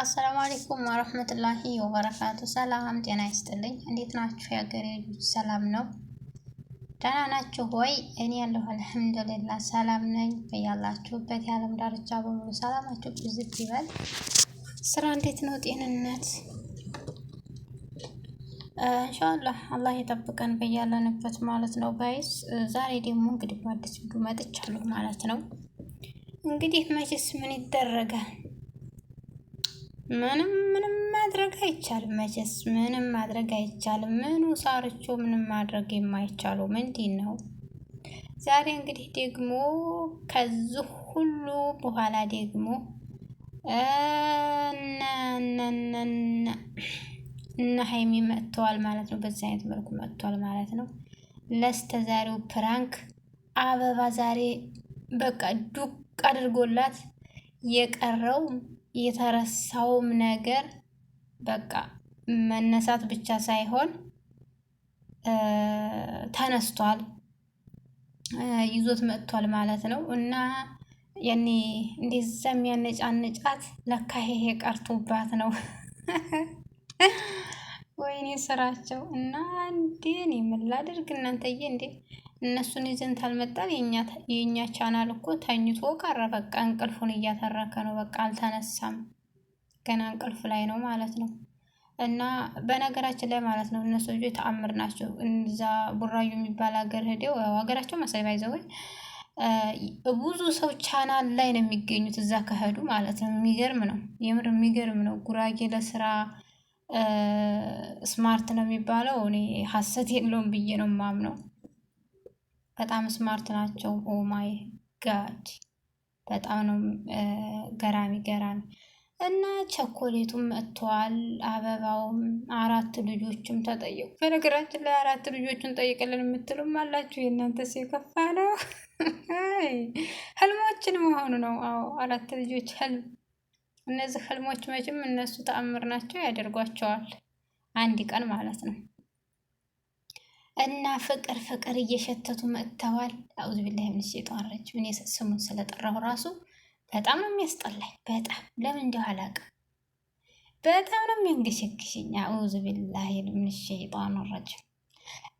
አሰላሙ አሌይኩም ወረህመቱላሂ ወበረካቱ። ሰላም ጤና ይስጥልኝ። እንዴት ናችሁ? የሀገሬ ልጆች ሰላም ነው? ደህና ናችሁ ወይ? እኔ ያለሁ አልሐምዱሊላህ ሰላም ነኝ። በያላችሁበት የዓለም ዳርቻ በሙሉ ሰላማችሁ ብዝት ይበል። ስራ እንዴት ነው? ጤንነት እንሻአላህ አላህ የጠብቀን በያለንበት ማለት ነው። ጋይስ ዛሬ ደግሞ እንግዲህ በአዲስ ቪዲዮ መጥቻለሁ ማለት ነው። እንግዲህ መቼስ ምን ይደረጋል ምንም ምንም ማድረግ አይቻልም። መቼስ ምንም ማድረግ አይቻልም። ምኑ ሳርቾ ምንም ማድረግ የማይቻለው ምንድን ነው? ዛሬ እንግዲህ ደግሞ ከዚህ ሁሉ በኋላ ደግሞ እና ሀይሚ መጥተዋል ማለት ነው። በዚህ አይነት መልኩ መጥተዋል ማለት ነው። ዛሬው ፕራንክ አበባ ዛሬ በቃ ዱቅ አድርጎላት የቀረው የተረሳውም ነገር በቃ መነሳት ብቻ ሳይሆን ተነስቷል፣ ይዞት መጥቷል ማለት ነው እና ያኔ እንደዛ የሚያነጫንጫት ለካ ሄሄ ቀርቶባት ነው። ወይኔ ስራቸው እና እንዴ እኔ ምን ላድርግ እናንተዬ እንዴ እነሱን ይዘን ታልመጣን የእኛ ቻናል እኮ ተኝቶ ቀረ። በቃ እንቅልፉን እያተረከ ነው። በቃ አልተነሳም፣ ገና እንቅልፍ ላይ ነው ማለት ነው። እና በነገራችን ላይ ማለት ነው እነሱ ልጆች ተአምር ናቸው። እዛ ቡራዩ የሚባል ሀገር ሄደው ሀገራቸው መሳይ ባይዘው ብዙ ሰው ቻናል ላይ ነው የሚገኙት እዛ ከሄዱ ማለት ነው። የሚገርም ነው፣ የምር የሚገርም ነው። ጉራጌ ለስራ ስማርት ነው የሚባለው እኔ ሀሰት የለውም ብዬ ነው ማምነው። በጣም ስማርት ናቸው። ኦ ማይ ጋድ በጣም ነው ገራሚ ገራሚ እና ቸኮሌቱም መጥተዋል። አበባውም አራት ልጆችም ተጠየቁ። በነገራችን ላይ አራት ልጆችን ጠይቅልን የምትሉም አላችሁ። የእናንተ ሲከፋ ነው፣ ህልሞችን መሆኑ ነው። አዎ አራት ልጆች ህልም። እነዚህ ህልሞች መቼም እነሱ ተአምር ናቸው፣ ያደርጓቸዋል አንድ ቀን ማለት ነው። እና ፍቅር ፍቅር እየሸተቱ መጥተዋል። አዑዝ ቢላ ምን ሸይጣን ረጅም። እኔ ስሙን ስለጠራው ራሱ በጣም ነው የሚያስጠላኝ። በጣም ለምን እንዲሁ አላውቅም። በጣም ነው የሚያንገሸግሽኝ። አዑዝ ቢላ ምን ሸይጣን ረጅም።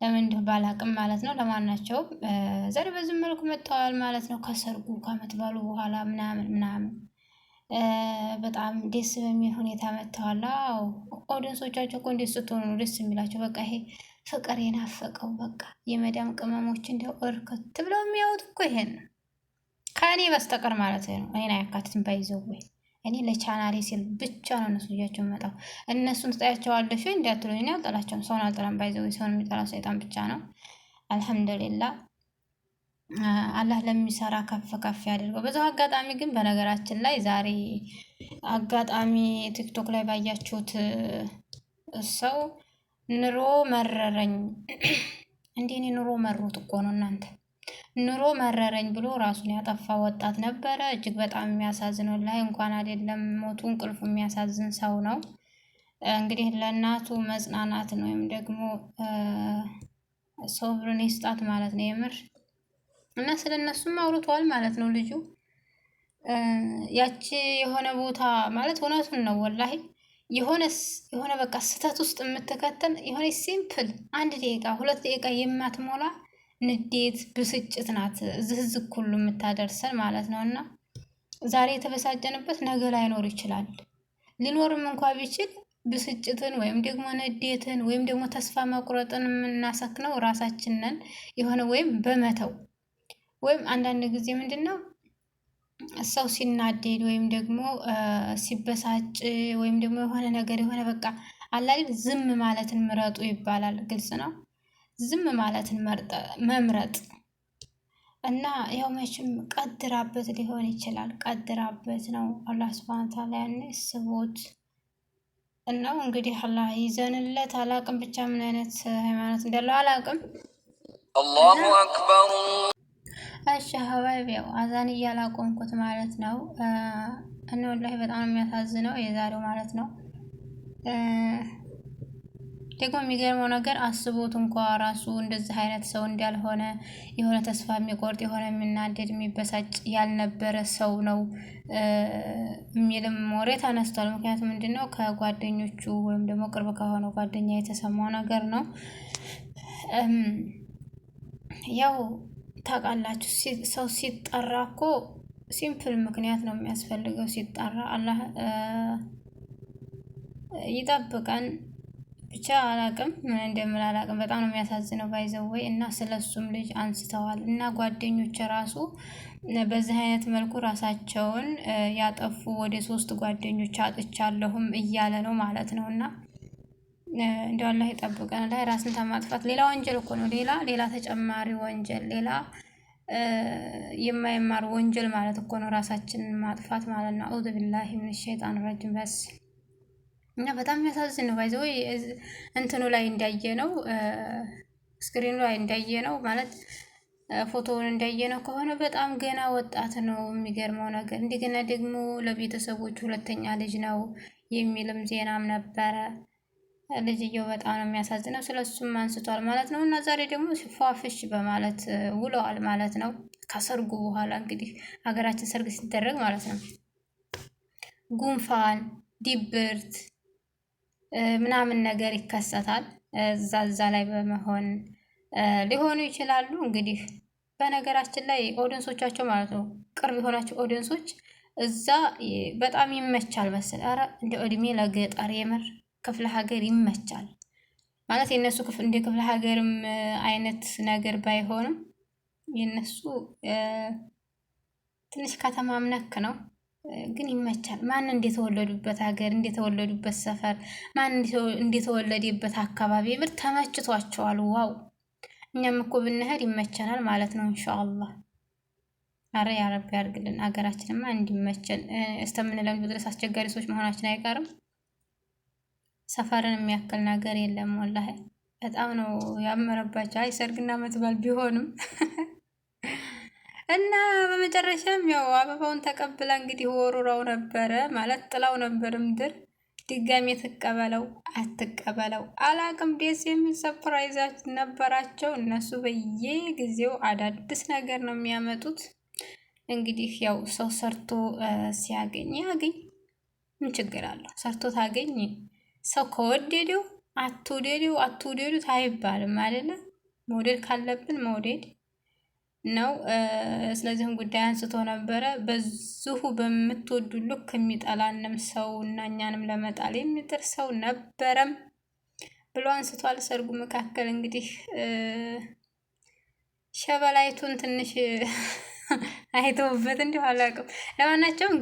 ለምን እንዲሁ ባላውቅም ማለት ነው። ለማናቸውም ዛሬ በዚህ መልኩ መጥተዋል ማለት ነው። ከሰርጉ ከዓመት ባሉ በኋላ ምናምን ምናምን በጣም ደስ በሚል ሁኔታ መጥተዋል። ኦዲየንሶቻቸው እኮ እንዴት ስትሆኑ ደስ የሚላቸው። በቃ ይሄ ፍቅር የናፈቀው በቃ የመዳም ቅመሞች እንዲያው እርክት ብለው የሚያወጡ እኮ ይሄን ነው ከእኔ በስተቀር ማለት ነው። እኔን አያካትትም። ባይዘው እኔ ለቻናሌ ሲል ብቻ ነው እነሱ እያቸው መጣው። እነሱን ትጠያቸዋለሽ ወይ እንዳትሉኝ፣ እኔ አልጠላቸውም። ሰውን አልጠላም። ባይዘው ሰውን የሚጠላ ሰይጣን ብቻ ነው። አልሐምዱሊላ አላህ ለሚሰራ ከፍ ከፍ ያደርገው። በዛው አጋጣሚ ግን በነገራችን ላይ ዛሬ አጋጣሚ ቲክቶክ ላይ ባያችሁት ሰው ኑሮ መረረኝ እንዴ! እኔ ኑሮ መሮት እኮ ነው እናንተ። ኑሮ መረረኝ ብሎ ራሱን ያጠፋ ወጣት ነበረ። እጅግ በጣም የሚያሳዝነው ላይ እንኳን አይደለም ሞቱ እንቅልፉ የሚያሳዝን ሰው ነው። እንግዲህ ለእናቱ መጽናናትን ወይም ደግሞ ሶብርን ይስጣት ማለት ነው የምር እና ስለ እነሱም አውርቷል ማለት ነው ልጁ። ያቺ የሆነ ቦታ ማለት እውነቱን ነው ወላሄ የሆነ በቃ ስህተት ውስጥ የምትከተን የሆነ ሲምፕል አንድ ደቂቃ ሁለት ደቂቃ የማትሞላ ንዴት ብስጭት ናት ዝህዝግ ሁሉ የምታደርሰን ማለት ነው። እና ዛሬ የተበሳጨንበት ነገ ላይኖር ይችላል። ሊኖርም እንኳ ቢችል ብስጭትን ወይም ደግሞ ንዴትን ወይም ደግሞ ተስፋ መቁረጥን የምናሰክነው ራሳችንን የሆነ ወይም በመተው ወይም አንዳንድ ጊዜ ምንድን ነው ሰው ሲናደድ ወይም ደግሞ ሲበሳጭ ወይም ደግሞ የሆነ ነገር የሆነ በቃ አላል ዝም ማለትን ምረጡ ይባላል። ግልጽ ነው። ዝም ማለትን መምረጥ እና ያው መቼም ቀድራበት ሊሆን ይችላል። ቀድራበት ነው አላህ ሱብሃነሁ ወተዓላ ያን ስቦት እና እንግዲህ አላህ ይዘንለት። አላቅም ብቻ ምን አይነት ሃይማኖት እንዳለው አላቅም። አላሁ አክበር እሺ ሀባይቤው አዛን እያላቆምኩት ማለት ነው። እኔ ወላሂ በጣም የሚያሳዝነው የዛሬው ማለት ነው። ደግሞ የሚገርመው ነገር አስቦት እንኳ ራሱ እንደዚህ አይነት ሰው እንዳልሆነ የሆነ ተስፋ የሚቆርጥ የሆነ የሚናደድ የሚበሳጭ ያልነበረ ሰው ነው የሚልም ወሬ ተነስቷል። ምክንያቱም ምንድን ነው ከጓደኞቹ ወይም ደግሞ ቅርብ ከሆነው ጓደኛ የተሰማው ነገር ነው ያው ታውቃላችሁ ሰው ሲጠራ እኮ ሲምፕል ምክንያት ነው የሚያስፈልገው። ሲጠራ አላህ ይጠብቀን። ብቻ አላቅም ምን እንደምል አላቅም። በጣም ነው የሚያሳዝነው። ባይዘው ወይ እና ስለሱም ልጅ አንስተዋል እና ጓደኞች ራሱ በዚህ አይነት መልኩ ራሳቸውን ያጠፉ ወደ ሶስት ጓደኞች አጥቻለሁም እያለ ነው ማለት ነው እና እንዲ አላህ ይጠብቀን። ላይ ራስን ተማጥፋት ሌላ ወንጀል እኮ ነው። ሌላ ሌላ ተጨማሪ ወንጀል፣ ሌላ የማይማር ወንጀል ማለት እኮ ነው ራሳችን ማጥፋት ማለት ነው። አዑዙ ቢላሂ ሚነ ሸይጣን ረጅም በስ እና በጣም የሚያሳዝን ነው። ባይዘው እንትኑ ላይ እንዳየ ነው ስክሪኑ ላይ እንዳየ ነው ማለት ፎቶውን እንዳየ ነው ከሆነ በጣም ገና ወጣት ነው። የሚገርመው ነገር እንደገና ደግሞ ለቤተሰቦች ሁለተኛ ልጅ ነው የሚልም ዜናም ነበረ። ልጅየው በጣም ነው የሚያሳዝነው። ስለሱም አንስቷል ማለት ነው እና ዛሬ ደግሞ ፏፍሽ በማለት ውለዋል ማለት ነው። ከሰርጉ በኋላ እንግዲህ ሀገራችን ሰርግ ሲደረግ ማለት ነው ጉንፋን፣ ዲብርት ምናምን ነገር ይከሰታል። እዛ እዛ ላይ በመሆን ሊሆኑ ይችላሉ። እንግዲህ በነገራችን ላይ ኦዲንሶቻቸው ማለት ነው ቅርብ የሆናቸው ኦዲንሶች እዛ በጣም ይመቻል መሰል። ኧረ እንደ እድሜ ለገጠር የምር ክፍለ ሀገር ይመቻል ማለት የነሱ እንደ ክፍለ ሀገርም አይነት ነገር ባይሆንም የነሱ ትንሽ ከተማም ነክ ነው፣ ግን ይመቻል። ማን እንደተወለዱበት ሀገር እንደተወለዱበት ሰፈር ማን እንደተወለደበት አካባቢ የምር ተመችቷቸዋል። ዋው እኛም እኮ ብንሄድ ይመቸናል ማለት ነው። ኢንሻአላህ አረ ያረቢ ያርግልን። ሀገራችንማ እንዲመቸን እስከምንለምድ ድረስ አስቸጋሪ ሰዎች መሆናችን አይቀርም። ሰፈርን የሚያክል ነገር የለም። ወላሂ በጣም ነው ያመረባቸው። አይ ሰርግና መትባል ቢሆንም እና በመጨረሻም ያው አበባውን ተቀብላ እንግዲህ ወሩራው ነበረ ማለት ጥላው ነበር ምድር ድጋሚ የትቀበለው አትቀበለው አላቅም። ደስ የሚል ሰፕራይዛች ነበራቸው እነሱ በየጊዜው አዳዲስ ነገር ነው የሚያመጡት። እንግዲህ ያው ሰው ሰርቶ ሲያገኝ ያገኝ ምን ችግር አለው? ሰርቶ ታገኝ ሰው ከወደደው አትውደደው አትውደዱት አይባልም አይደለ? መውደድ ካለብን መውደድ ነው። ስለዚህም ጉዳይ አንስቶ ነበረ። በዚሁ በምትወዱ ልክ የሚጠላንም ሰው እና እኛንም ለመጣል የሚጥር ሰው ነበረም ብሎ አንስቷል። ሰርጉ መካከል እንግዲህ ሸበላይቱን ትንሽ አይተውበት እንዲሁ አላውቅም። ለማናቸውም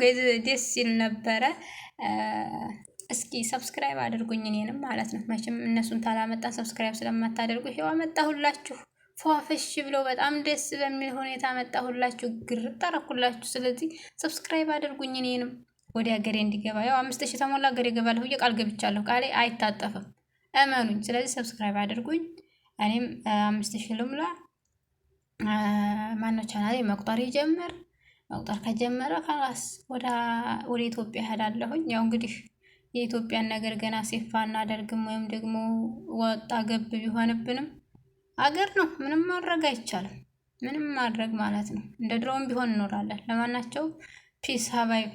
ደስ ሲል ነበረ። እስኪ ሰብስክራይብ አድርጉኝ እኔንም ማለት ነው። መቼም እነሱን ታላመጣ ሰብስክራይብ ስለማታደርጉ ይሄው አመጣሁላችሁ። ፏፈሽ ብሎ በጣም ደስ በሚል ሁኔታ መጣሁላችሁ፣ ግር ጠረኩላችሁ። ስለዚህ ሰብስክራይብ አድርጉኝ እኔንም ወደ ሀገሬ እንዲገባ ያው አምስት ሺህ ተሞላ ሀገሬ እገባለሁ ብዬ ቃል ገብቻለሁ። ቃሌ አይታጠፍም፣ እመኑኝ። ስለዚህ ሰብስክራይብ አድርጉኝ እኔም አምስት ሺህ ልሙላ። ማነው ቻናሌ መቁጠር ይጀምር። መቁጠር ከጀመረ ከላስ ወደ ኢትዮጵያ እሄዳለሁኝ። ያው እንግዲህ የኢትዮጵያን ነገር ገና ሴፋ እናደርግም ወይም ደግሞ ወጣ ገብ ቢሆንብንም አገር ነው፣ ምንም ማድረግ አይቻልም። ምንም ማድረግ ማለት ነው። እንደ ድሮውም ቢሆን እኖራለን። ለማናቸው ፒስ ሀባይ